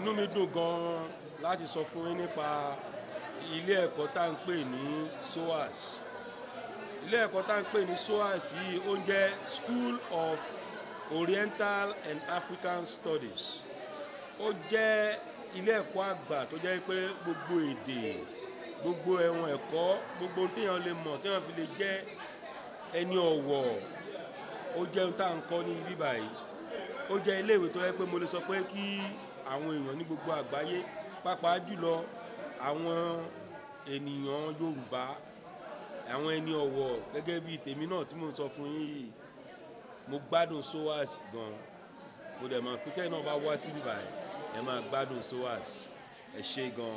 inú mi dùn gan-an láti sọ fún yín nípa ilé ẹ̀kọ́ tá à ń pè ní SOAS ilé ẹ̀kọ́ tá à ń pè ní SOAS yìí ó ń jẹ́ School of Oriental and African Studies ó jẹ́ ilé ẹ̀kọ́ àgbà tó jẹ́ pé gbogbo èdè gbogbo ẹ̀wọ̀n ẹ̀kọ́ gbogbo téèyàn lè mọ̀ téèyàn fi lè jẹ́ ẹni ọ̀wọ̀ ó jẹun tá à ń kọ́ ní bíbáyìí ó jẹ́ iléèwé tó yẹ pé mo lè sọ pé kí àwọn èèyàn ní gbogbo àgbáyé pàápàá jùlọ àwọn ènìyàn Yorùbá àwọn ẹni ọ̀wọ̀ gẹ́gẹ́ bíi tèmi náà tí mo sọ fún yín yìí mo gbádùn SOAS gan mo dẹ̀ mọ̀ pé kẹ́yìn náà bá wá síbí báyìí ẹ máa gbádùn SOAS ẹ ṣé gan